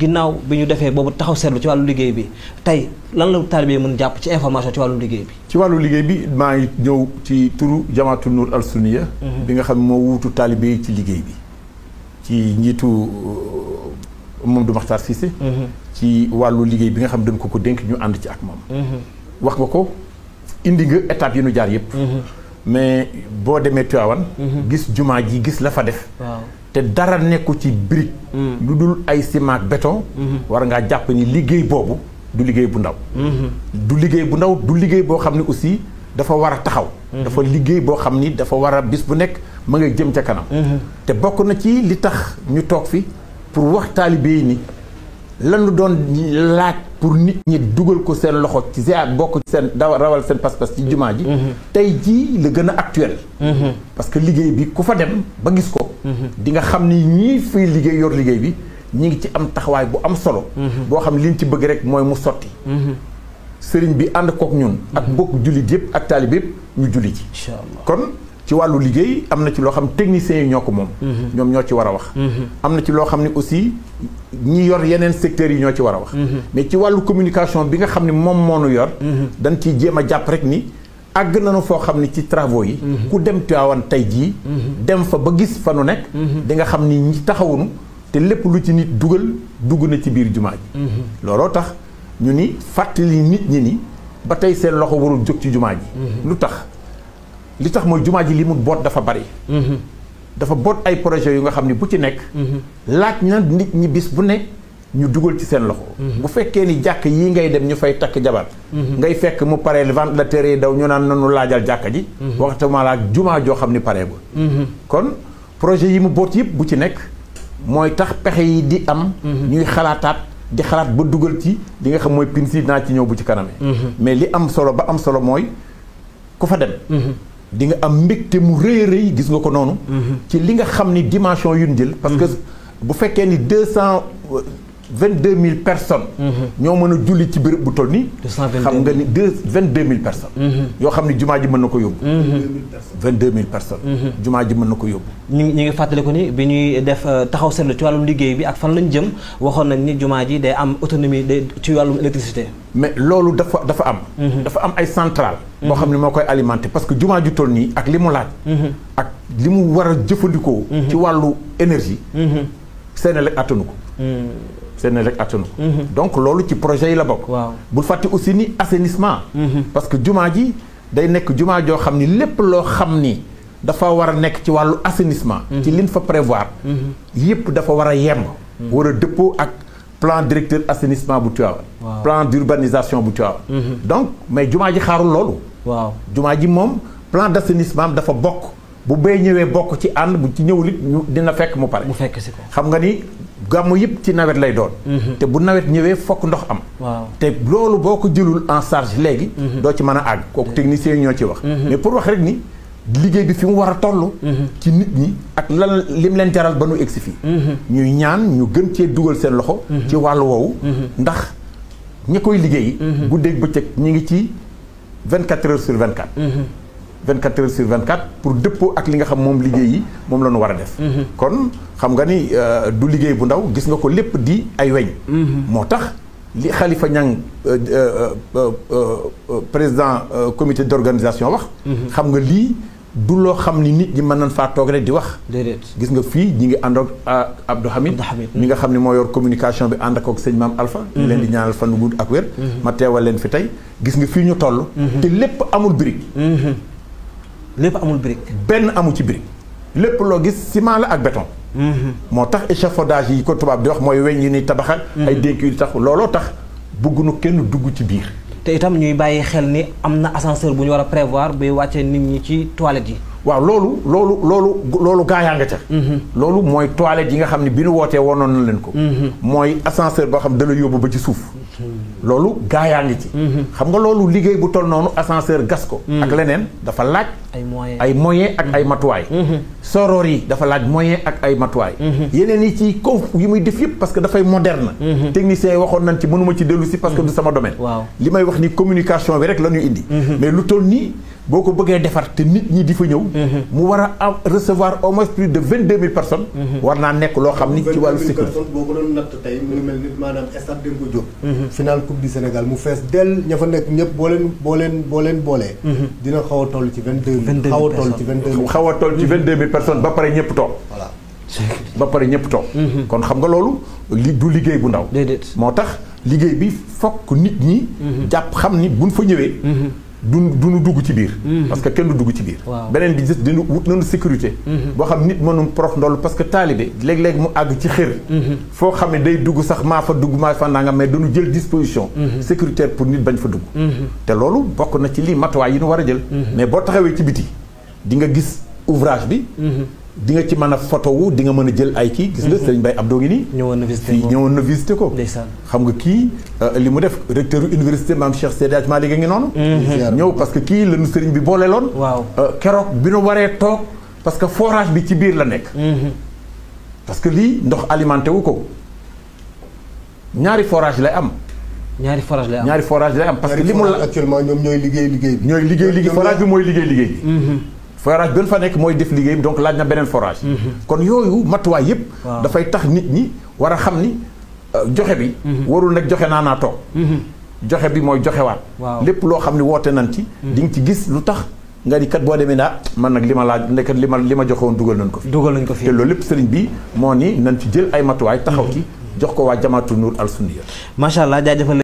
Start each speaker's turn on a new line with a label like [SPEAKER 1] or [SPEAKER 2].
[SPEAKER 1] ginnaaw bi ñu defee boobu taxaw seetlu ci wàllu liggéey bi tey lan la taalibe mën jàpp ci information ci wàllu liggéey bi ci wàllu liggéey bi maa ngi ñëw ci turu jamaatul nur al mhm. bi nga xam ne moo wuutu taalibe yi ci liggéey bi ci njiitu uh, Mamadou Makhtar Cissé mhm. ci wàllu liggéey bi nga xam dañ ko ko dénk ñu ànd ci ak moom mhm. wax nga ko indi nga étape yi nu jaar yëpp mais boo demee Tiwaawan gis jumaa ji gis la fa def waaw te dara nekku ci brique. Mm. lu dul ay ciment béton. Mm-hmm. war ngaa jàpp ni liggéey boobu du liggéey bu ndaw. Mm-hmm. du liggéey bu ndaw du liggéey boo xam ne aussi dafa war a taxaw. Mm-hmm. dafa liggéey boo xam ni dafa war a bis bu nekk ma ngay jëm ca kanam. te bokk na ci li tax ñu toog fi pour wax taalibe ni lanu doon laaj pour nit ñi dugal ko seen loxo ci ziar bokk seen daw rawal seen pas-pas ci jumaa ji mm-hmm. tey jii la gën a actuel mm-hmm. parce que liggéey bi ku fa dem ba gis ko mm-hmm. di nga xam ni ñii fay liggéey yor liggéey bi ñi ngi ci am taxawaay bu am solo boo xam liñ ci bëgg rek mooy mu sotti sëriñ bi ànd kook ñun ak mbokk jullit yëpp ak taalib yëpp ñu julli ci kon ci wàllu liggéey am na ci loo xam technicien yi ñoo ko moom. Mhm. ñoom ñoo ci war a wax. Mhm. am na ci loo xam ne aussi ñi yor yeneen secteurs yi ñoo ci war a wax. Mhm. mais ci wàllu communication bi nga xam ne moom moo nu yor. dañ ciy jéem a jàpp rek ni. àgg nañu foo xam ne ci travaux yi. ku dem Tiwaawan tey jii. dem fa ba gis fa nu nekk. di nga xam ni ñi taxawunu te lépp lu ci nit dugal dugg na ci biir jumaa ji. looloo tax ñu ni fàttali nit ñi ni ba tey seen loxo warul jóg ci jumaa ji. tax. li tax mooy jumaa ji li mu boot dafa bari mhm. dafa boot ay projet yu nga xam ne bu ci nekk mhm. laaj na nit ñi bis bu nekk ñu dugal ci seen loxo mhm. bu fekkee ni jàkk yi ngay dem ñu fay takk jabar ngay fekk mu paree ventilateur yi daw ñu naan nanu laajal jàkka ji waxtuma la ak jumaa joo xam ni pare ba kon projet yi mu boot yëpp bu ci nekk mooy tax pexe yi di am ñuy xalaataat di xalaat ba dugal ci li nga xam mooy pinsi naa ci ñëw bu ci kanamee mais li am solo ba am solo mooy di nga am mbégte mu rëy rëy gis nga ko noonu. Mm-hmm. ci li nga xam ni dimension yu ñu jël. parce que mm-hmm. bu fekkee ni deux cent vingt deux mille personnes. Mm-hmm. ñoo mën a julli ci bërëb bu toll nii. xam nga ni deux 22 mille personnes. Mm-hmm. yoo xam ni jumaa ji mën na ko yóbbu. 22 mm-hmm. 000 personnes. jumaa ji mën na ko yóbbu. ñu ngi ñu ngi fàttaliku ni bi ñuy def euh, taxaw seetlu ci wàllum liggéey bi ak fan lañ jëm waxoon nañ ni jumaa ji day am autonomie day ci wàllum électricité. mais loolu dafa dafa am. dafa am ay centrale moo xam ne moo koy alimenter parce que jumaa ju toll nii ak li mu laaj. ak li mu war a jëfandikoo. ci wàllu énergie. Senelec attanu ko. Euh, seen rek attanu mhm. donc loolu ci projet yi la bokk bu fàtte aussi ni assainissement mhm. parce que jumaa ji day nekk jumaa joo xam ni lépp loo xam ni dafa war a nekk ci wàllu assainissement mhm. ci liñ fa prévoir yëpp dafa war a yem war a dëppoo ak plan directeur assainissement bu Tivaouane plan d'urbanisation bu Tivaouane donc mais jumaa ji xaarul loolu waaw jumaa ji moom plan d'assainissement am dafa bokk bu bay ñëwee bokk ci ànd bu ci ñëwul it dina fekk mu pare xam nga ni gàmmu yëpp ci nawet lay doon. Mhm. te bu nawet ñëwee fokk ndox am. te loolu boo ko jëlul en charge léegi. Mhm. doo ci mën a àgg kooku techniciens yi ñoo ci wax. Mhm. mais pour wax rek ni liggéey bi fi mu war a toll. ci nit ñi ak lan lim leen jaral ba nu egg si fii. ñuy ñaan ñu gën cee dugal seen loxo. ci wàllu woowu. ndax ñi koy liggéey. guddeeg bëccëg ñu ngi ci 24 heures sur 24. 24 heures sur 24 pour dëppoo ak li nga xam moom liggéey yi moom la ñu war a def. Mhm. kon xam nga ni euh, du liggéey bu ndaw gis nga ko lépp di ay weñ. Mhm. moo tax li Khalifa Niang euh, euh, président comité d'organisation wax. Mhm. xam nga lii du loo xam ni nit ñi mën nañ faa toog rek di wax. gis nga fii ñi ngi ànd ak Abdou Hamid. mi nga xam ne mooy yor communication bi ànd ak ak sëñ Maam Alpha. ñu leen di ñaanal fan wu gudd ak wér. ma teewal leen fi tey gis nga fii ñu toll. te lépp amul brique. lépp amul brique. benn amu ci brique. lépp loo gis ciment la ak béton. Mhm. moo tax échafaudage yi ko tubaab di wax mooy weñ yi ni tabax ak ay dénk yu tax looloo tax bëgguñu kenn dugg ci biir. te itam ñuy bàyyi xel ni am na ascenseur bu ñu war a prévoir buy wàccee nit ñi ci toilettes yi. waaw loolu loolu loolu loolu gaayaa nga ca. Mhm. loolu mooy toilette yi nga xam ne bi nu wootee wonoon na leen ko. Mhm. mooy ascenseur boo xam ne da la yóbbu ba ci suuf. loolu gaa yaa ngi ci. Mhm. xam nga loolu liggéey bu toll noonu ascenseur gas ko. Mhm. ak leneen dafa laaj. ay moyen ay moyens ak ay mhm. matuwaay. soroor yi dafa laaj moyens ak ay matuwaay. yeneen yi ci kaw yi muy def yëpp parce que dafay moderne. techniciens yi waxoon nañ ci mënuma ci dellu si parce que du sama domaine. li may wax ni communication bi rek la ñuy indi. mais lu toll nii. boo ko bëggee defar te nit ñi di fa ñëw. Mhm. mu war a am recevoir au moins plus de vingt deux mille personnes. Mhm. war naa nekk loo xam ni ci wàllu sécurité. boo ko doon natt tey mu ngi mhm. fees dell ña fa nekk ñëpp boo leen boo leen boo boolee. dina xaw a toll ci vingt deux mille. xaw a toll ci vingt deux mille xaw a personnes ba pare ñëpp toog. ba pare ñëpp toog. kon xam nga loolu li du liggéey bu ndaw. déedéet moo tax liggéey bi fokk nit ñi. jàpp xam ni buñ fa ñëwee. du duñu dugg ci biir mm-hmm. parce que kenn du dugg ci biir beneen bi gis dinu wut nañu sécurité mm-hmm. boo xam nit mënum prof ndoll parce que taalibe léeg-léeg mu àgg ci xër mm-hmm. foo xam ne day dugg sax maa fa dugg maa fa nangam mais dañu jël disposition sécuritaire pour nit bañ fa dugg te loolu bokk na ci lii matuwaay yi ñu war a jël mais boo taxawee ci biti di nga gis ouvrage bi di nga ci mën a photo wu di nga mën a jël ay kii gis nga mhm. sëriñ Baye Abdou ngi nii ñëwoon na visité ko xam nga kii euh, li mu def recteur université maam Cheikh Seydi Hadji Malick a ngi noonu mhm. ñëw parce que kii la nu sëriñ bi boole loon euh, keroog bi nu waree toog parce que forage bi ci biir la nekk mhm. parce que lii ndox alimenté wu ko ñaari forage lay am ñaari forage lay am ñaari forage lay am parce que li mu la actuellement ñoom liggéey ñooy liggéey liggéey forage bi mooy liggéey liggéey bi forage gën fa nekk mooy def liggéeyam donc laaj na beneen forage. Mhm. kon yooyu matuwaay yëpp. dafay tax nit ñi war a xam ni euh, joxe bi. Mhm. warul nag joxe naa naa toog. Mhm. joxe bi mooy joxewaat. waaw lépp loo xam ne woote nañ ci. di nga ci gis lu tax. nga ni boo demee naa man nag li ma laaj nekkat li ma li ma joxewoon dugal nañ ko fi. dugal nañ ko fi te loolu lépp sëriñ bi moo ni nañ ci jël ay matuwaay taxaw ci jox ko waa jamaatu nuur al sunniya. macha allah jaajëfal